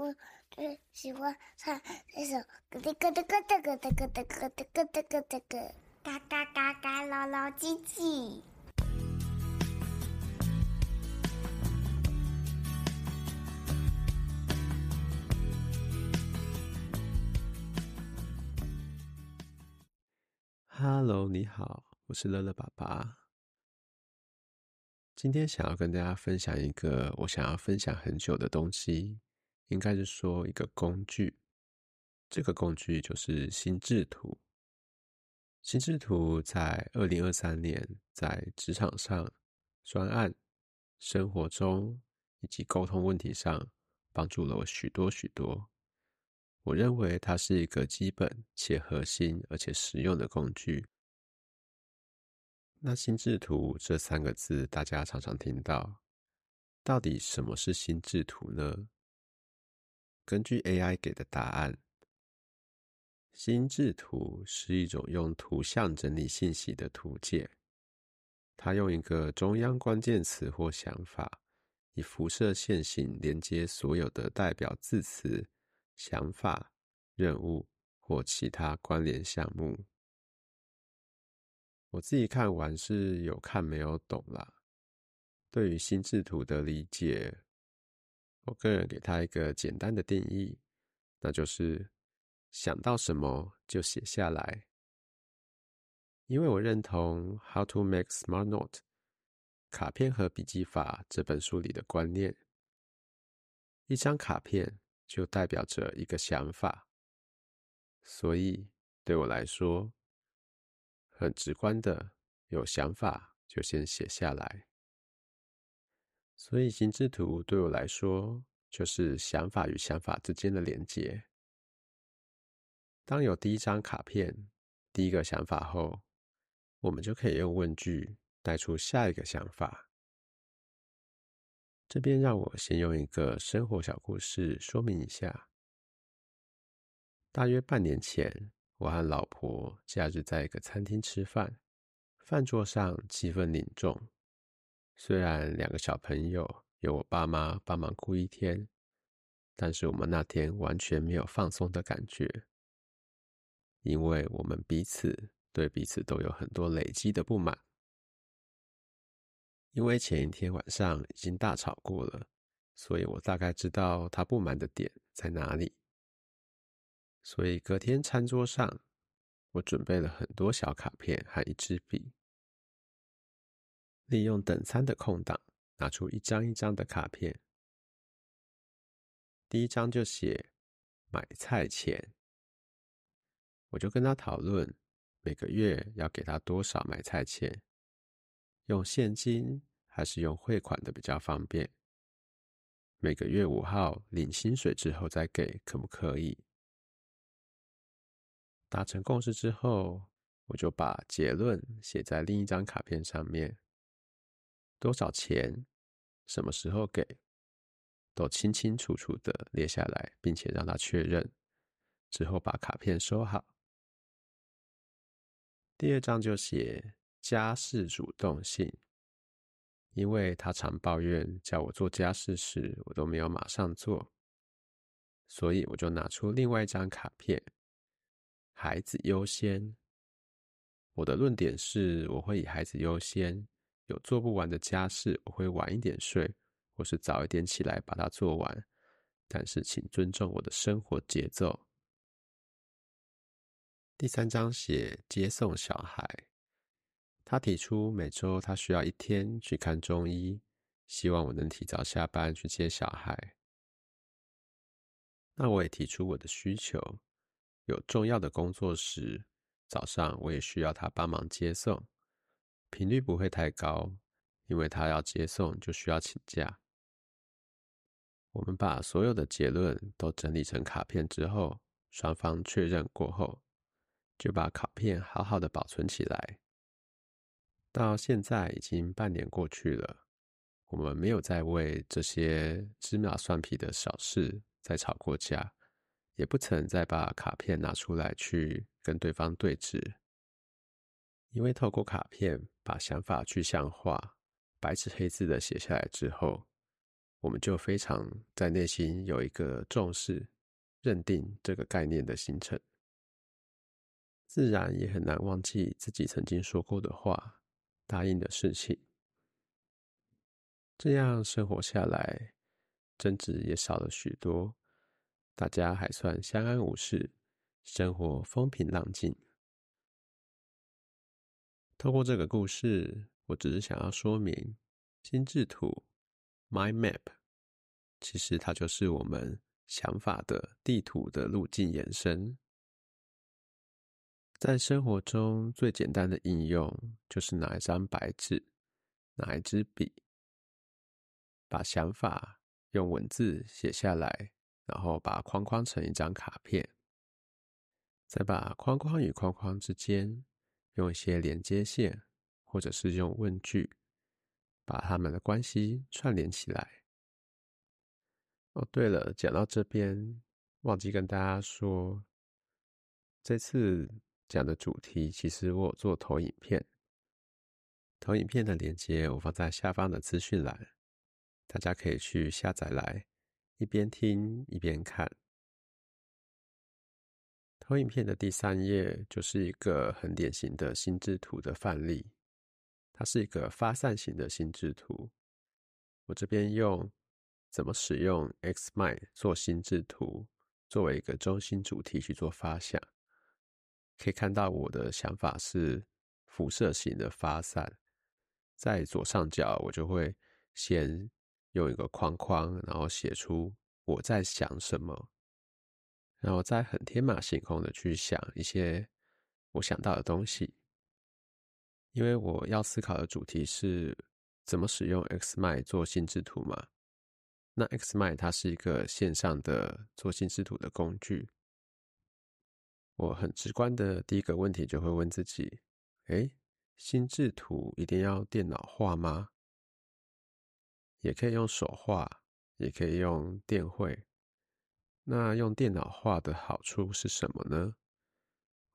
我最喜歡唱那首咯噠咯噠咯噠咯噠咯噠咯噠咯咯咯。嘎嘎嘎嘎，老老雞雞。Hello, 你好，我是樂樂爸爸。今天想要跟大家分享一個我想要分享很久的東西。應該是說一個工具，這個工具就是心智圖。心智圖在二零二三年在職場上、專案、生活中以及溝通問題上，幫助了我許多許多。我認為它是一個基本且核心而且實用的工具。那心智圖這三個字大家常常聽到，到底什麼是心智圖呢？根據 AI 給的答案，心智圖是一種用圖像整理信息的圖解。它用一個中央關鍵詞或想法，以輻射線形連接所有的代表字詞、想法、任務或其他關聯項目。我自己看完是有看，沒有懂啦。對於心智圖的理解。我個人給他一個簡單的定義，那就是想到什麼就寫下來。因為我認同《How to Make Smart Note》卡片和筆記法這本書裡的觀念，一張卡片就代表着一個想法，所以對我來說很直觀的，有想法就先寫下來。所以心智圖對我來說，就是想法與想法之間的連結。當有第一張卡片、第一個想法後，我們就可以用問句帶出下一個想法。這邊讓我先用一個生活小故事說明一下。大約半年前，我和老婆假日在一個餐廳吃飯，飯桌上氣氛凝重。雖然兩個小朋友由我爸媽幫忙顧一天，但是我們那天完全沒有放鬆的感覺，因為我們彼此對彼此都有很多累積的不滿。因為前一天晚上已經大吵過了，所以我大概知道他不滿的點在哪裡。所以隔天餐桌上，我準備了很多小卡片和一支筆。利用等餐的空檔，拿出一張一張的卡片。第一張就寫“買菜錢”，我就跟他討論每個月要給他多少買菜錢，用現金還是用匯款的比較方便。每個月五號領薪水之後再給，可不可以？達成共識之後，我就把結論寫在另一張卡片上面。多少錢？什麼時候給？都清清楚楚的列下來，並且讓他確認之後，把卡片收好。第二張就寫家事主動性，因為他常抱怨叫我做家事時，我都沒有馬上做，所以我就拿出另外一張卡片，孩子優先。我的論點是，我會以孩子優先。有做不完的家事，我會晚一點睡，或是早一點起來把它做完。但是請尊重我的生活節奏。第三章寫接送小孩，他提出每周他需要一天去看中醫，希望我能提早下班去接小孩。那我也提出我的需求，有重要的工作時，早上我也需要他幫忙接送。頻率不會太高，因為他要接送就需要請假。我們把所有的結論都整理成卡片之後，雙方確認過後，就把卡片好好的保存起來。到現在已經半年過去了，我們沒有再為這些芝麻蒜皮的小事再吵過架，也不曾再把卡片拿出來去跟對方對質。因為透過卡片把想法具象化，白紙黑字的寫下來之後，我們就非常在內心有一個重視、認定這個概念的形成，自然也很難忘記自己曾經說過的話、答應的事情。這樣生活下來，爭執也少了許多，大家還算相安無事，生活風平浪靜。透過這個故事，我只是想要說明心智圖 （mind map） 其實它就是我們想法的地圖的路徑延伸。在生活中最簡單的應用就是拿一張白紙，拿一支筆，把想法用文字寫下來，然後把它框框成一張卡片，再把框框與框框之間，用一些連接線，或者是用問句，把他們的關係串聯起來。哦，對了，講到這邊，忘記跟大家說，這次講的主題其實我有做投影片，投影片的鏈接我放在下方的資訊欄，大家可以去下載來，一邊聽一邊看。投影片的第三頁就是一個很典型的心智圖的範例，它是一個發散型的心智圖。我這邊用怎麼使用 XMind 做心智圖作為一個中心主題去做發想，可以看到我的想法是輻射型的發散，在左上角我就會先用一個框框，然後寫出我在想什麼。然後再很天馬行空的去想一些我想到的東西，因為我要思考的主題是怎麼使用 X m 麥做心智圖嘛？那 X m 麥它是一個線上的做心智圖的工具。我很直觀的第一個問題就會問自己，誒，心智圖一定要電腦畫嗎？也可以用手畫，也可以用電繪。那用電腦畫的好處是什麼呢？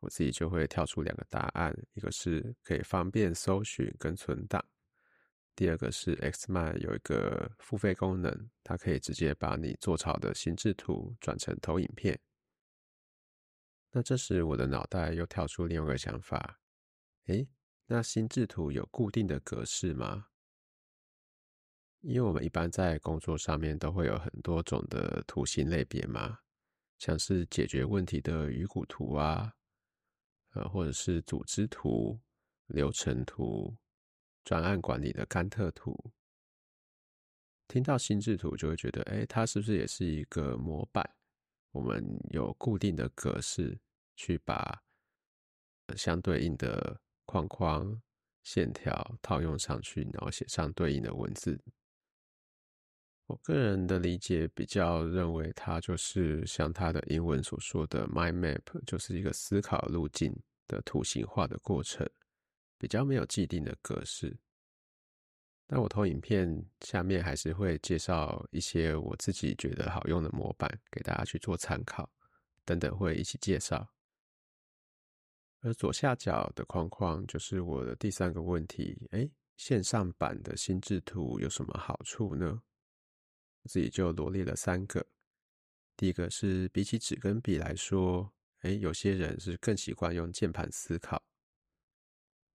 我自己就會跳出兩個答案，一個是可以方便搜尋跟存檔，第二個是 XMind 有一個付費功能，它可以直接把你做好的心智圖轉成投影片。那這時我的腦袋又跳出另外一個想法，誒、欸，那心智圖有固定的格式嗎？因為我們一般在工作上面都會有很多種的圖形類別嘛，像是解決問題的魚骨圖啊，呃，或者是組織圖、流程圖、專案管理的甘特圖。聽到心智圖，就會覺得，哎，它是不是也是一個模板？我們有固定的格式，去把相對應的框框、線條套用上去，然後寫上對應的文字。我個人的理解比較認為，它就是像它的英文所說的 “mind map”，就是一個思考路徑的圖形化的過程，比較沒有既定的格式。那我投影片下面還是會介紹一些我自己覺得好用的模板，給大家去做參考，等等會一起介紹。而左下角的框框就是我的第三個問題，誒，線上版的心智圖有什麼好處呢？自己就羅列了三個。第一個是比起紙跟筆來說，誒、欸，有些人是更習慣用鍵盤思考。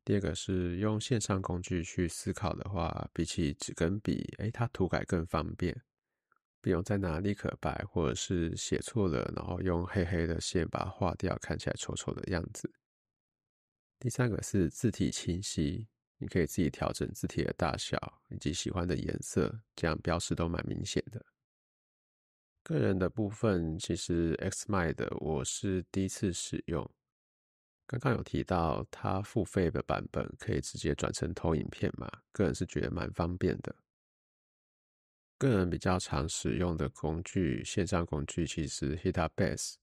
第二個是用線上工具去思考的話，比起紙跟筆，誒、欸，它塗改更方便，不用再拿立可白，或者是寫錯了，然後用黑黑的線把它畫掉，看起來醜醜的樣子。第三個是字體清晰。你可以自己調整字體的大小以及喜歡的顏色，這樣標識都蠻明顯的。個人的部分，其實 XMind 的我是第一次使用，剛剛有提到它付費的版本可以直接轉成投影片嘛，個人是覺得蠻方便的。個人比較常使用的工具，線上工具其實 Heptabase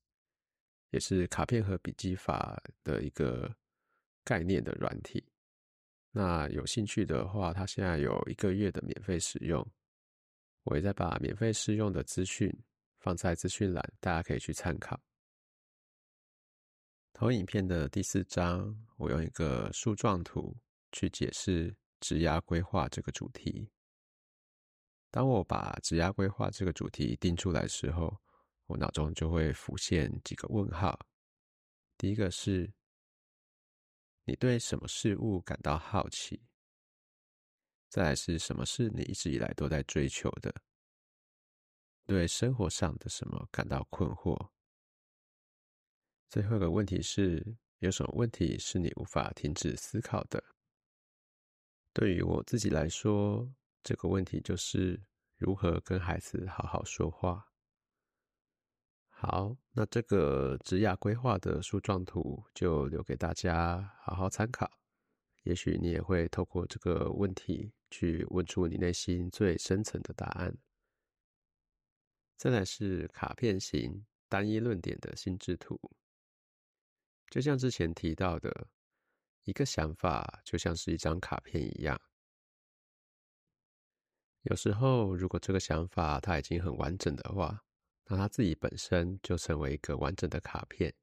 也是卡片和筆記法的一個概念的軟體。那有興趣的話，它現在有一個月的免費使用，我也在把免費試用的資訊放在資訊欄，大家可以去參考。投影片的第四張，我用一個樹狀圖去解釋職涯規劃這個主題。當我把職涯規劃這個主題定出來的時候，我腦中就會浮現幾個問號，第一個是。你對什麼事物感到好奇？再來是什麼是你一直以來都在追求的？對生活上的什麼感到困惑？最後一個問題是，有什麼問題是你無法停止思考的？對於我自己來說，這個問題就是如何跟孩子好好說話。好，那這個職涯規劃的樹狀圖就留給大家好好參考。也許你也會透過這個問題去問出你內心最深層的答案。再來是卡片型單一論點的心智圖。就像之前提到的，一個想法就像是一張卡片一樣。有時候，如果這個想法它已經很完整的話。那它自己本身就成為一個完整的卡片，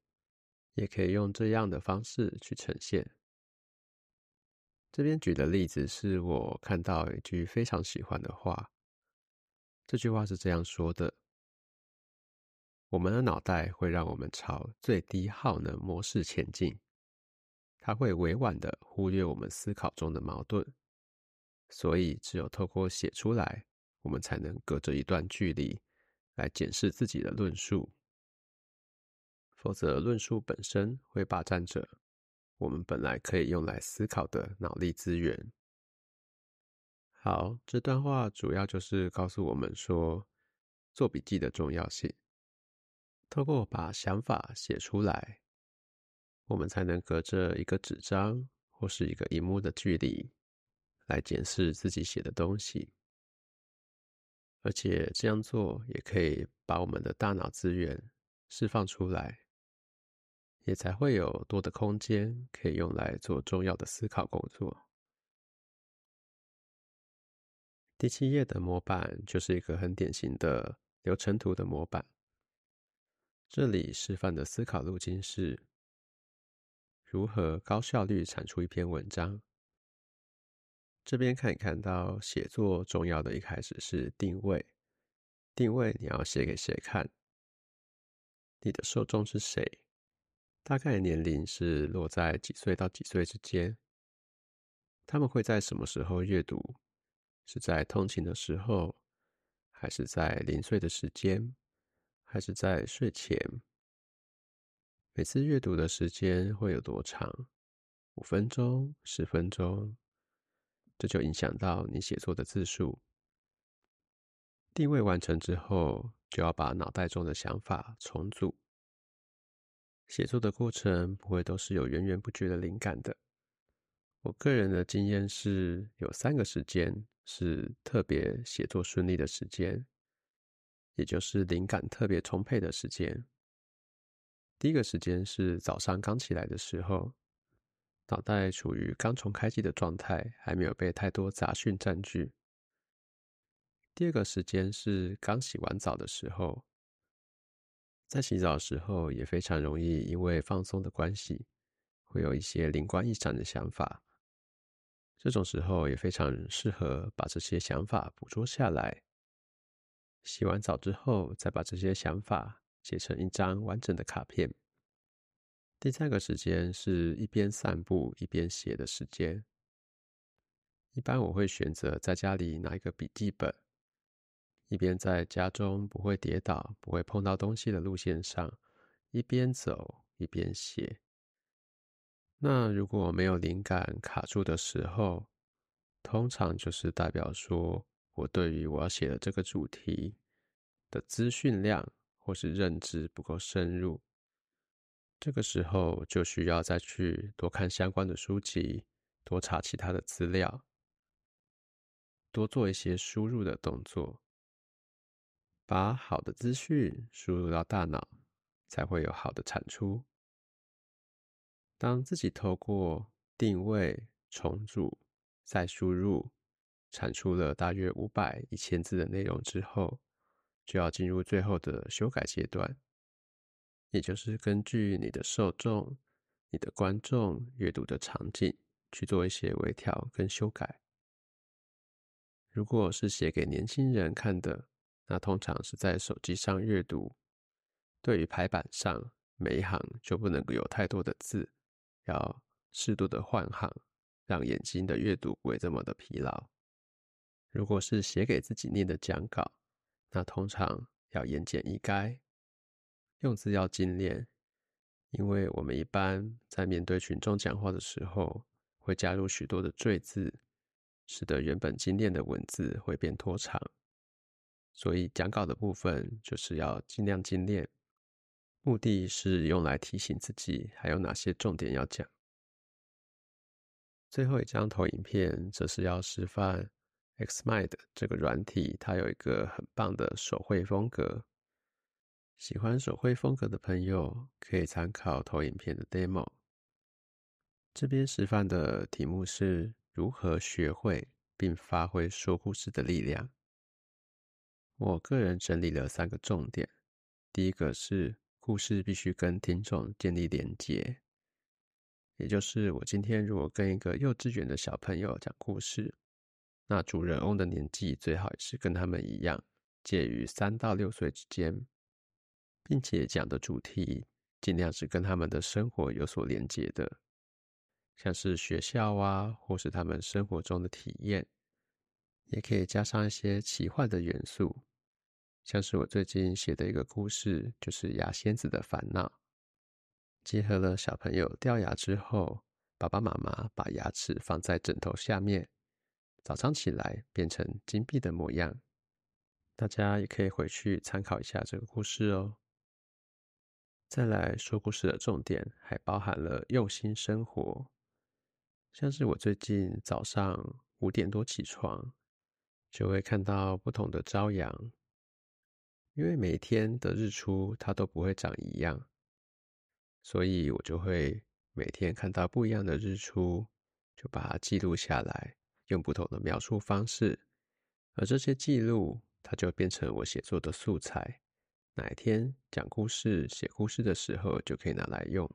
也可以用這樣的方式去呈現。這邊舉的例子是我看到一句非常喜歡的話，這句話是這樣說的：“我們的腦袋會讓我們朝最低耗能模式前進，它會委婉的忽略我們思考中的矛盾，所以只有透過寫出來，我們才能隔着一段距離。”來檢視自己的論述，否則論述本身會霸占着我們本來可以用來思考的腦力資源。好，這段話主要就是告訴我們說，做筆記的重要性。透過把想法寫出來，我們才能隔着一個紙張或是一個螢幕的距離，來檢視自己寫的東西。而且這樣做也可以把我們的大腦資源釋放出來，也才會有多的空間可以用來做重要的思考工作。第七頁的模板就是一個很典型的流程圖的模板。這裡示範的思考路徑是如何高效率產出一篇文章。這邊可以看到，寫作重要的一開始是定位。定位你要寫給誰看？你的受眾是誰？大概年齡是落在幾歲到幾歲之間？他們會在什麼時候閱讀？是在通勤的時候，還是在零碎的時間，還是在睡前？每次閱讀的時間會有多長？五分鐘、十分鐘？這就影響到你寫作的字數。定位完成之後，就要把腦袋中的想法重組。寫作的過程不會都是有源源不絕的靈感的。我個人的經驗是有三個時間是特別寫作順利的時間，也就是靈感特別充沛的時間。第一個時間是早上剛起來的時候。腦袋處於剛重開機的狀態，還沒有被太多雜訊占據。第二個時間是剛洗完澡的時候，在洗澡的時候也非常容易因為放鬆的關係，會有一些靈光一閃的想法。這種時候也非常適合把這些想法捕捉下來。洗完澡之後，再把這些想法寫成一張完整的卡片。第三個時間是一邊散步一邊寫的時間。一般我會選擇在家裡拿一個筆記本，一邊在家中不會跌倒、不會碰到東西的路線上，一邊走一邊寫。那如果我沒有靈感卡住的時候，通常就是代表說我對於我要寫的這個主題的資訊量或是認知不夠深入。這個時候就需要再去多看相關的書籍，多查其他的資料，多做一些輸入的動作，把好的資訊輸入到大腦，才會有好的產出。當自己透過定位、重組、再輸入，產出了大約五百、一千字的內容之後，就要進入最後的修改階段。也就是根據你的受眾、你的觀眾閱讀的場景去做一些微調跟修改。如果是寫給年輕人看的，那通常是在手機上閱讀，對於排版上每一行就不能有太多的字，要適度的換行，讓眼睛的閱讀不會這麼的疲勞。如果是寫給自己念的講稿，那通常要言簡意賅。用字要精煉，因為我們一般在面對群眾講話的時候，會加入許多的贅字，使得原本精煉的文字會變拖長。所以講稿的部分就是要儘量精煉，目的是用來提醒自己還有哪些重點要講。最後一張投影片則是要示範 Xmind 這個軟體，它有一個很棒的手繪風格。喜歡手繪風格的朋友，可以參考投影片的 demo。這邊示範的題目是如何學會並發揮說故事的力量。我個人整理了三個重點。第一個是故事必須跟聽眾建立連接，也就是我今天如果跟一個幼稚園的小朋友講故事，那主人翁的年紀最好也是跟他們一樣，介於三到六歲之間。並且講的主題盡量是跟他們的生活有所連接的，像是學校啊，或是他們生活中的體驗，也可以加上一些奇幻的元素，像是我最近寫的一個故事，就是《牙仙子的煩惱》，結合了小朋友掉牙之後，爸爸媽媽把牙齒放在枕頭下面，早上起來變成金幣的模樣。大家也可以回去參考一下這個故事哦。再來說故事的重點，還包含了用心生活。像是我最近早上五點多起床，就會看到不同的朝陽，因為每天的日出它都不會長一樣，所以我就會每天看到不一樣的日出，就把它記錄下來，用不同的描述方式，而這些記錄，它就變成我寫作的素材。哪一天講故事、寫故事的時候就可以拿來用。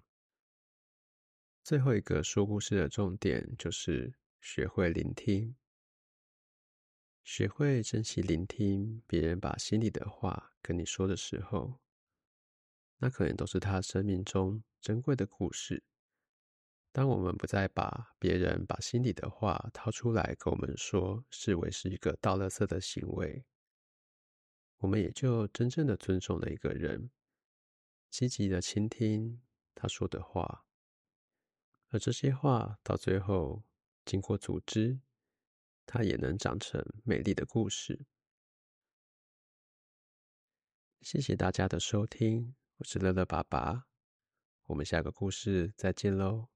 最後一個說故事的重點就是學會聆聽，學會珍惜聆聽別人把心裡的話跟你說的時候，那可能都是他生命中珍貴的故事。當我們不再把別人把心裡的話掏出來跟我們說，視為是一個倒垃圾的行為，我們也就真正的尊重了一個人，積極的傾聽他說的話，而這些話到最後經過組織，它也能長成美麗的故事。謝謝大家的收聽，我是樂樂爸爸，我們下個故事再見嘍。